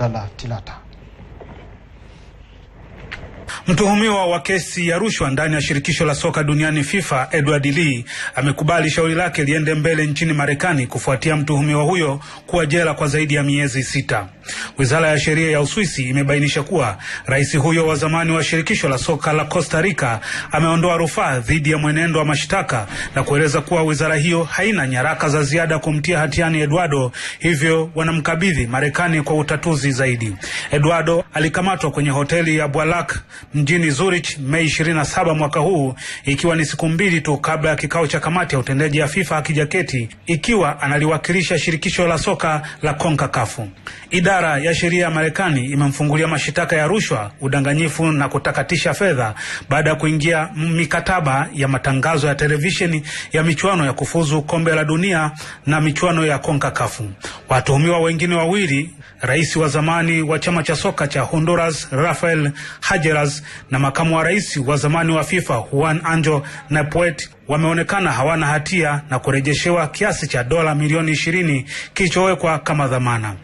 Abdallah Tilata. Mtuhumiwa wa kesi ya rushwa ndani ya shirikisho la soka duniani FIFA, Edward Lee amekubali shauri lake liende mbele nchini Marekani kufuatia mtuhumiwa huyo kuwa jela kwa zaidi ya miezi sita. Wizara ya sheria ya Uswisi imebainisha kuwa rais huyo wa zamani wa shirikisho la soka la Costa Rica ameondoa rufaa dhidi ya mwenendo wa mashtaka na kueleza kuwa wizara hiyo haina nyaraka za ziada kumtia hatiani Eduardo, hivyo wanamkabidhi Marekani kwa utatuzi zaidi. Eduardo alikamatwa kwenye hoteli ya Bwalak mjini Zurich Mei 27 mwaka huu, ikiwa ni siku mbili tu kabla ya kikao cha kamati ya utendaji ya FIFA akijaketi, ikiwa analiwakilisha shirikisho la soka la CONCACAF. Idara ya sheria ya Marekani imemfungulia mashitaka ya rushwa, udanganyifu na kutakatisha fedha baada ya kuingia mikataba ya matangazo ya televisheni ya michuano ya kufuzu kombe la dunia na michuano ya CONCACAF. Watuhumiwa wengine wawili, rais wa zamani wa chama cha soka cha Honduras Rafael Hajeras na makamu wa rais wa zamani wa FIFA Juan Anjo Napoet wameonekana hawana hatia na kurejeshewa kiasi cha dola milioni ishirini kilichowekwa kama dhamana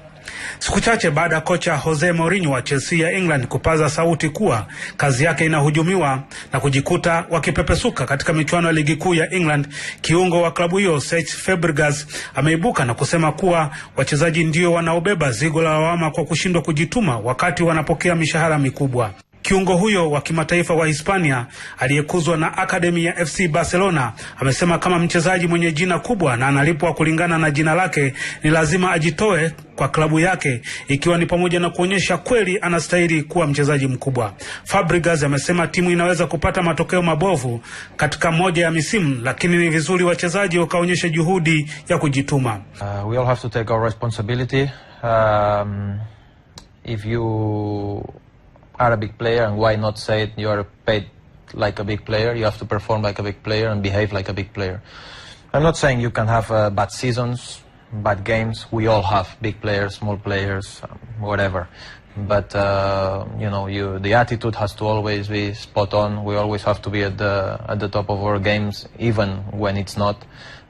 siku chache baada ya kocha Jose Mourinho wa Chelsea ya England kupaza sauti kuwa kazi yake inahujumiwa na kujikuta wakipepesuka katika michuano ya ligi kuu ya England. Kiungo wa klabu hiyo Cesc Fabregas ameibuka na kusema kuwa wachezaji ndio wanaobeba zigo la lawama kwa kushindwa kujituma wakati wanapokea mishahara mikubwa. Kiungo huyo wa kimataifa wa Hispania aliyekuzwa na akademi ya FC Barcelona amesema kama mchezaji mwenye jina kubwa na analipwa kulingana na jina lake ni lazima ajitoe kwa klabu yake ikiwa ni pamoja na kuonyesha kweli anastahili kuwa mchezaji mkubwa. Fabregas amesema timu inaweza kupata matokeo mabovu katika moja ya misimu, lakini ni vizuri wachezaji wakaonyesha juhudi ya kujituma. Uh, we all have to take our responsibility. Um, if you are a big player and why not say it you are paid like a big player you have to perform like a big player and behave like a big player i'm not saying you can have uh, bad seasons bad games we all have big players small players um, whatever but uh, you know you the attitude has to always be spot on we always have to be at the at the top of our games even when it's not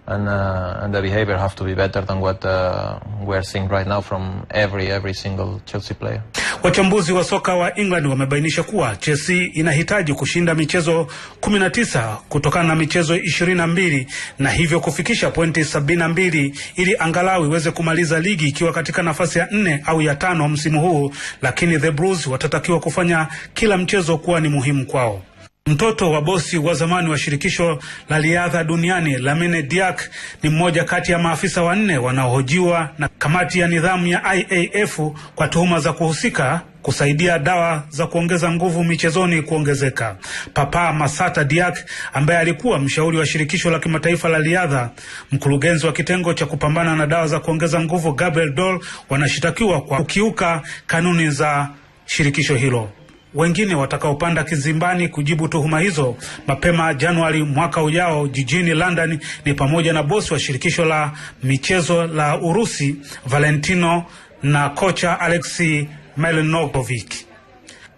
and, uh, and the behavior have to be better than what uh, we're seeing right now from every every single Chelsea player. Wachambuzi wa soka wa England wamebainisha kuwa Chelsea inahitaji kushinda michezo 19 kutokana na michezo 22 na hivyo kufikisha pointi 72 ili angalau iweze kumaliza ligi ikiwa katika nafasi ya nne au ya tano msimu huu, lakini the Blues watatakiwa kufanya kila mchezo kuwa ni muhimu kwao. Mtoto wa bosi wa zamani wa shirikisho la riadha duniani Lamine Diak ni mmoja kati ya maafisa wanne wanaohojiwa na kamati ya nidhamu ya IAAF kwa tuhuma za kuhusika kusaidia dawa za kuongeza nguvu michezoni kuongezeka. Papa Masata Diak ambaye alikuwa mshauri wa shirikisho la kimataifa la riadha, mkurugenzi wa kitengo cha kupambana na dawa za kuongeza nguvu Gabriel Dol wanashitakiwa kwa kukiuka kanuni za shirikisho hilo wengine watakaopanda kizimbani kujibu tuhuma hizo mapema Januari mwaka ujao jijini London ni pamoja na bosi wa shirikisho la michezo la Urusi Valentino na kocha Alexi Milenovich.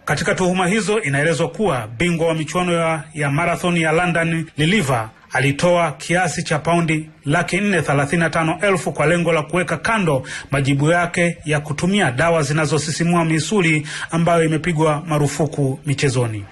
Katika tuhuma hizo inaelezwa kuwa bingwa wa michuano ya, ya marathon ya London Liliva alitoa kiasi cha paundi laki nne thelathini na tano elfu kwa lengo la kuweka kando majibu yake ya kutumia dawa zinazosisimua misuli ambayo imepigwa marufuku michezoni.